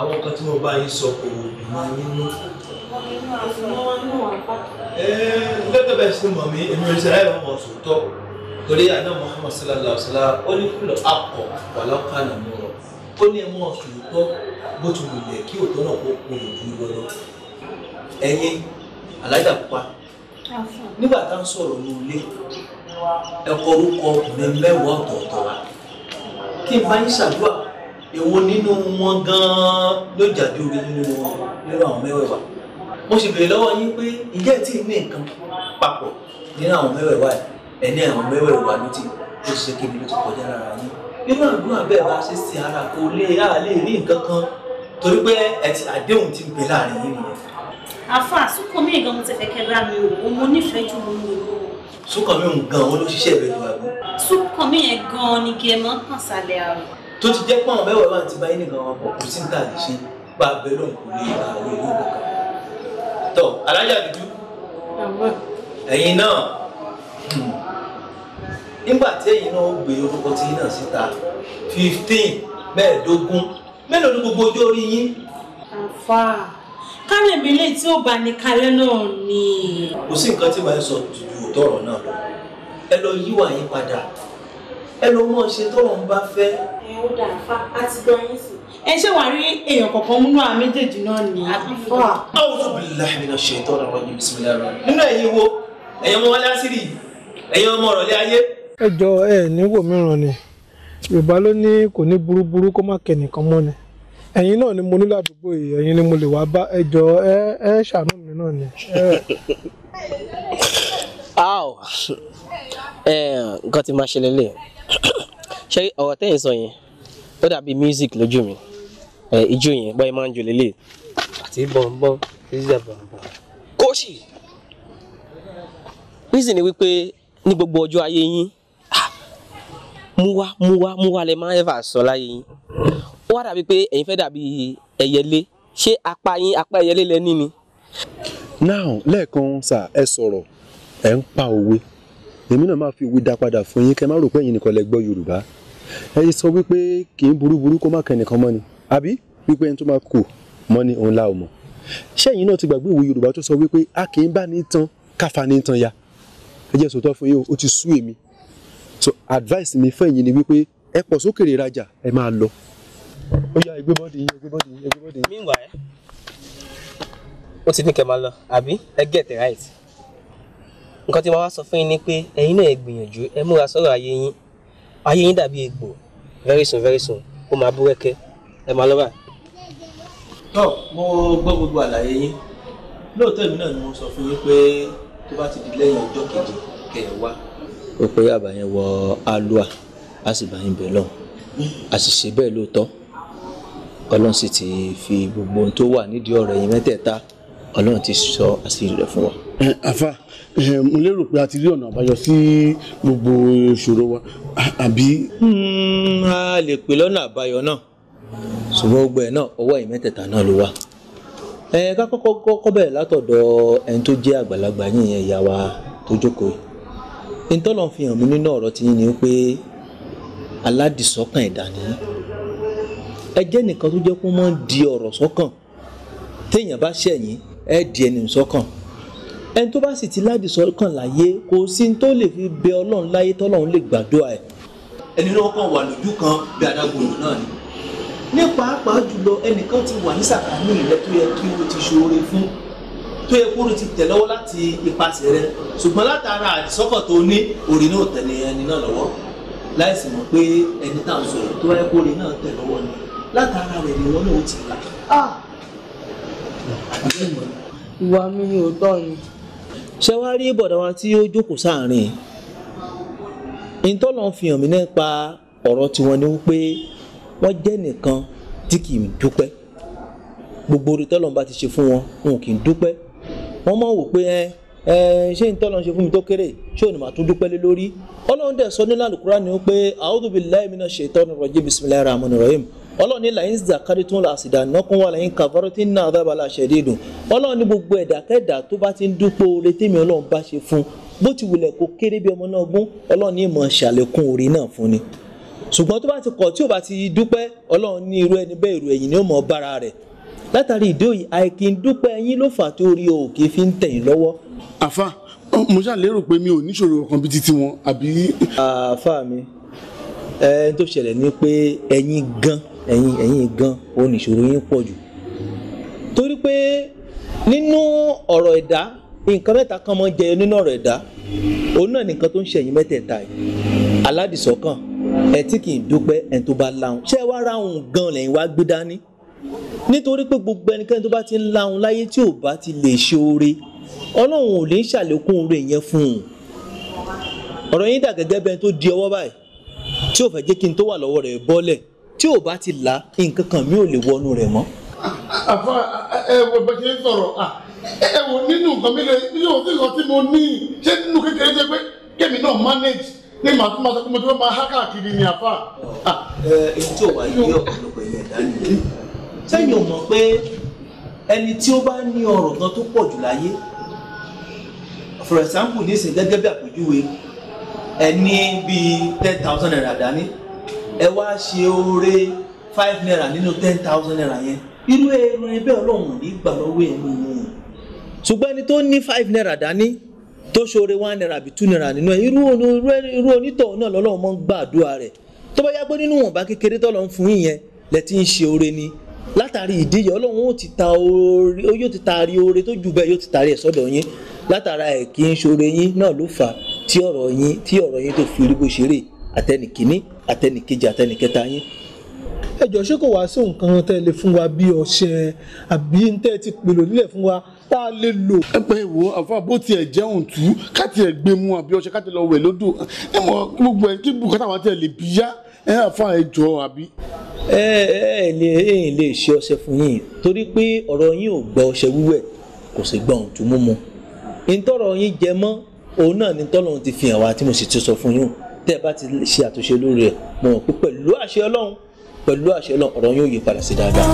àwọn nǹkan tí mo bá yín sọ kò mọ yín nú. lẹ́tọ̀ bẹ́ẹ̀ sí mọ̀ mí èmi ò ní sẹ́ráì lọ́mọ sòótọ́ torí àná Muhammad sallallahu alayhi wa sallam ó ní kúlọ̀ akọ̀ wà lọ́kànnà mọ́ ọ ó ní ẹmọ sòótọ́ bó ti wùlẹ̀ kí òótọ́ náà kó kó lòdù ìwọ lọ. ẹ̀yin alájà pupa nígbà tá à ń sọ̀rọ̀ ní ilé ẹ̀kọ́ orúkọ ọkùnrin mẹ́wàá ọ̀tọ̀ọ̀tọ̀ wa kí n bá yín ṣàdúrà èwo nínú wọn gan-an ló jàdí orí nínú wọn nínú àwọn mẹ́wẹ̀ẹ̀wá mo sì béèrè lọ́wọ́ yín pé ìjẹ́ tí ní nǹkan papọ̀ nínú àwọn mẹ́wẹ̀ẹ̀wá ẹni àwọn mẹ́wẹ̀ẹ̀wá ló ti ló ṣe kí ni ló ti kọjá lára yín nínú àdúrà bẹ́ẹ̀ bá ṣe sí ara kò lè á lè rí nǹkan kan torí pé ẹ ti àdéhùn ti ń bẹ láàrin yín nìyẹn. àfa àsúkọ mi gan mo ti fẹ́ kẹ́ bá mi o òun mo nífẹ̀ẹ́ jù mo ń lò ó. súkọ mi ń gan òun ló ṣiṣẹ́ ìbẹ̀rù àgbo. súkọ mi ni kí ẹ máa kàn sálẹ̀ àrùn tó ti jẹ́ pọ́n mẹ́wàá wà ti bá yín nìkan wọn pọ̀ kó sí níta lè ṣe bá a bẹ lóhùn kò lè ra àwọn ìlú ìlú kan. tọ alájà dúdú ẹ̀yin náà hmm, nígbà tí ẹ̀yin náà gbé orúkọ tí yín náà síta fifteen mẹ́ẹ̀ẹ́dógún mélòó ni gbogbo ọjọ́ orí yín. àfa kálẹ̀mí lè tí ò bá ní kalẹ́ náà ni. kò sí nǹkan tí màá sọ ju òótọ́ ọ̀rọ̀ náà lọ ẹ lọ yíwà yín padà ẹ lọ mọ̀ ṣe tọ́rọ̀ ń bá fẹ́ ẹ ó dà fa àti gbọ́n yín sí. ẹ ṣé wàá rí èèyàn kọ̀ọ̀kan múnú àwọn méjèèjì náà ní. a'udhu billahi minash shaitonir rajim bismillahir rahmanir nínú ẹ̀yin wo ẹ̀yin ọmọ wálé àṣírí ẹ̀yin ọmọ ọ̀rọ̀lẹ́ ayé. ẹ jọ ẹ níwò mìíràn ni yorùbá ló ní kò ní burúburú kó má kẹ nìkan mọ́ ni ẹ̀yin náà ni mo ní ládùúgbò yìí ẹ̀yin ni mo lè wá bá ẹ jọ ẹ ẹ ṣàánú mi náà ni. nǹkan tí máa ṣe lélẹ̀ ṣé ọ̀rọ̀ tẹ́yìn sọ yẹn ó dàbí music lójú mi ijó yẹn bọ́ọ̀ máa ń jò lélẹ̀ àti bọ̀m̀bọ̀m ṣíṣe bọ̀m̀bọ̀m. kóṣì reason ni wípé ní gbogbo ọjọ́ ayé yín ah, mú wá mú wá mú wá lẹ máa ń ẹ̀fà sọ láyé yín ó wá dàbí pé ẹ̀yin fẹ́ dàbí ẹ̀yẹlé ṣé apá yín apá ẹ̀yẹlé lẹ ní ni. now lẹ́ẹ̀kan sà ẹ sọ̀rọ̀ ẹ̀ ń pa òwe èmi náà máa fi òwe dá padà fún yín kẹ́ ẹ má rò pé ẹ̀yin nìkan lẹ gbọ́ Yorùbá ẹ sọ wípé kì í burúburú kó má kẹ́nìkan mọ́ ni àbí wípé ẹni tó máa kù mọ́ ni òun la ò mọ̀ ṣẹ́yìn náà ti gbàgbé ìwé Yorùbá tó sọ wípé a kì í bá ní tan káfa ní tan ya ẹ jẹ́ sòótọ́ fún yín o ti sú èmi so advice mi fún ẹ̀yin ni wípé ẹ pọ̀ sókèrè rajà ẹ máa lọ ó yá ẹgbẹ́ bọ́ọ̀dì yín ẹgbẹ́ bọ́ọ̀dì yín ẹgbẹ́ bọ́ọ̀dì yín. meanwhile ó ti ní kẹ́ máa lọ àbí ẹ get it right nǹkan tí mo wá sọ fún yín ni pé ẹ̀yin náà ẹ gbìyànjú ẹ múra sọ̀rọ̀ ayé yín ayé yín dàbí egbò very soon very soon ó máa búrẹ́kẹ́ ẹ máa lọ bá. tọ́ mo gbọ́ gbogbo àlàyé yín lóòótọ́ èmi náà ni mo sọ fún yín pé tó bá ti di lẹ́yìn ọjọ́ kejì kẹ̀ ẹ̀ wá. ó pé àbá yẹn wọ alua a sì bá yín bẹ̀ lọ́hùn a sì ṣe bẹ́ẹ̀ lóòótọ́ ọlọ́run sì ti fi gbogbo ohun tó wà nídìí ọ̀rọ̀ yín mẹ́tẹ̀ẹ̀ta ọlọ́run ti sọ àṣírí rẹ̀ fún wa. àfa mo lérò pé a ti rí ọ̀nà àbáyọ sí gbogbo ìṣòro wa àbí. Hmm, a lè pè lọ́nà àbáyọ náà ṣùgbọ́n gbogbo ẹ̀ náà ọwọ́ ẹ̀yin mẹ́tẹ̀ẹ̀ta náà ló wà. ẹ ká kọ́kọ́ kọ́kọ́ bẹ̀rẹ̀ látọ̀dọ̀ ẹni tó jẹ́ àgbàlagbà yìnyín ẹ̀yà wa tó jókòó yìí ntọ́lọ́ fi hàn mí nínú ọ̀rọ̀ tí yín ni pé aládìsọ́kàn ẹ̀dá nìyí ẹ jẹ́ nìkan tó jẹ́ kó máa ń di ọ̀rọ̀ sọ́kàn téèyàn bá ṣẹ̀yìn ẹ di ẹni sọ́kàn ẹni tó bá sì ti láti sọ́kàn láyé kò sí tó lè fi bẹ ọlọ́run láyé tọ́lọ́run lè gbàdúrà ẹ̀. ẹni náà kàn wà lójú kan bí adágún náà ni ní pàápàá jùlọ ẹnìkan ti wà ní sàkání rẹ tó yẹ kí o ti ṣoore fún tó yẹ kóró ti tẹ̀ lọ́wọ́ láti ipasẹ̀ rẹ ṣùgbọ́n látara àdìsọ́kàn tó ní orí náà tẹ̀lé ẹni náà lọ́wọ́ láìsí mọ̀ pé ẹni tá à ń sọ̀rọ̀ tó yẹ kóró náà tẹ̀ lọ́wọ́ ni látara rẹ̀ ni wọ́n náà ti là á ah! ìwà mi ni òótọ́ ni. ṣé wàá rí bọ̀dá wa tí ó jókòó sáàárín ìtọ́lọ̀ fi hàn mí nípa ọ̀rọ̀ tiwọn ni wípé wọ́n jẹ́ nìkan tí kì í dúpẹ́ gbogbo orí tọ́lọ̀ bá ti ṣe fún wọn wọn kì í dúpẹ́ wọ́n mọ̀ wò pé ẹ ẹ ṣé ìtọ́lọ̀ ṣe fún mi tó kéré ṣé òní màá tún dúpẹ́ lé lórí ọlọ́run dẹ̀ sọ nílànà kúránì wípé a'udhu billahi minash shaitani rajim bismillahir rahmanir rahim ọlọ́run ní làyín zakari tún la àsìdá nọ́kún wà làyín kàfọ́rọ́ tí ń ná àdábà la ṣẹ̀dí dùn ọlọ́run ní gbogbo ẹ̀dákẹ́dà tó bá ti ń dúpọ̀ oore tèmi ọlọ́run bá ṣe fún bó ti wulẹ̀ kó kéré bí ọmọ náà gún ọlọ́run ní ṣàlékún oore náà fún ni ṣùgbọ́n tó bá ti kọ̀ tí ò bá ti dúpẹ́ ọlọ́run ní irú ẹni ni ó mọ̀ bára rẹ̀ látàrí ìdóyè àìkí ń dúpẹ́ yín ló fà tó rí òkè fi ń tẹ̀yìn lọ́wọ́. àfa mo pé mi ò níṣòro ọkàn bíi titi wọn àbí. àfa mi ẹ tó ṣẹlẹ̀ ni pé ẹ̀yin gan ẹ̀yin ẹ̀yin gan ó ní ìṣòro yín pọ̀ jù torí pé nínú ọ̀rọ̀ ẹ̀dá nǹkan mẹ́ta kan máa ń jẹyọ nínú ọ̀rọ̀ ẹ̀dá òun náà nìkan tó ń ṣẹ̀yìn mẹ́tẹ̀ẹ̀ta yìí aládìsọ́kàn ẹ̀ tí kì í dúpẹ́ ẹ̀ tó bá láhùn ṣé wàá ráhùn gan lẹ́yìn wá gbé dání nítorí pé gbogbo ẹnikẹ́ni tó bá ti ń láhùn láyé tí ò bá ti lè ṣe oore ọlọ́run ò lè ń ṣàlékún oore yẹn fún un ọ̀rọ̀ yín dà gẹ́gẹ́ bẹ́ẹ̀ tó di ọwọ́ báyìí tí ò fẹ́ jẹ́ kí n tó wà lọ́wọ́ rẹ̀ bọ́lẹ̀ tí ò bá ti là nǹkan kan mi ò lè wọnú rẹ̀ mọ́. àfa ẹ wo bẹ ṣe ń sọ̀rọ̀ ẹ wo nínú nǹkan mi lè yóò sí nǹkan tí ní ṣé nínú kékeré jẹ pé kémi náà manage ní màá tún máa sọ pé mo ti fẹ́ máa há káàkiri ni àfa. ẹ ẹ tí ò wá yé ọ̀pọ̀lọpọ̀ ẹ̀yẹ dání sẹ́yìn ò mọ̀ pé ẹni tí ó bá ní ọ̀rọ̀ gan tó pọ̀ jù láyé for example nísìnyí gẹ́gẹ́ bí àpèjúwe ẹ bíi ten thousand naira dání ẹ wá ṣe oore five naira nínú ten thousand naira yẹn irú ẹrù ẹ bẹ́ẹ̀ ọlọ́run ní gbà lọ́wọ́ ẹ̀ mú un. ṣùgbọ́n ẹni tó ní five naira dání tó ṣoore one naira àbí two naira nínú ẹ irú irú onítọ̀hún náà lọ́lọ́run máa ń gbàdúrà rẹ̀ tó bá yá pé nínú wọ̀nba kékeré tọ́lọ́ ń fún yìnyẹn lẹ ti ń ṣe oore ni látàrí ìdíyẹ ọlọ́run ó ti ta oore ó yóò ti taari oore tó jù bẹ́ẹ̀ yóò ti taari ẹ̀ sọ́dọ̀ yín látara ẹ̀ kí ń ṣoore yín náà ló fà á tí ọ̀rọ̀ yín tí ọ̀rọ̀ yín tó fi rí bó ṣeré àtẹnìkíní àtẹnìkejì àtẹnìkẹta yín ẹ jọ ṣé kò wá sí nǹkan tẹ́ lè fún wa bí ọṣẹ àbí tẹ́ ti pèlò nílẹ̀ fún wa tá a lè lò. ẹ pé wo àfa bó tiẹ̀ jẹun tú ká tiẹ̀ gbé mu àbí ọṣẹ ká tiẹ̀ lọ wẹ̀ lódò ẹ mọ gbogbo ẹ kí bùkátà wa tiẹ̀ lè bí yá ẹ àfa ẹ jọ àbí. ẹ ẹ lè ẹ lè ṣe ọṣẹ fún yín torí pé ọ̀rọ̀ yín ò gba ọṣẹ wíwẹ̀ kò sì gba òǹtú mímu ìtọ́rọ̀ yín jẹ mọ́ òun náà tẹ́ ẹ bá ti ṣe àtúnṣe lórí ẹ̀ mo pé pẹ̀lú àṣẹ ọlọ́run pẹ̀lú àṣẹ ọlọ́run ọ̀rọ̀ yóò yí padà sí dáadáa.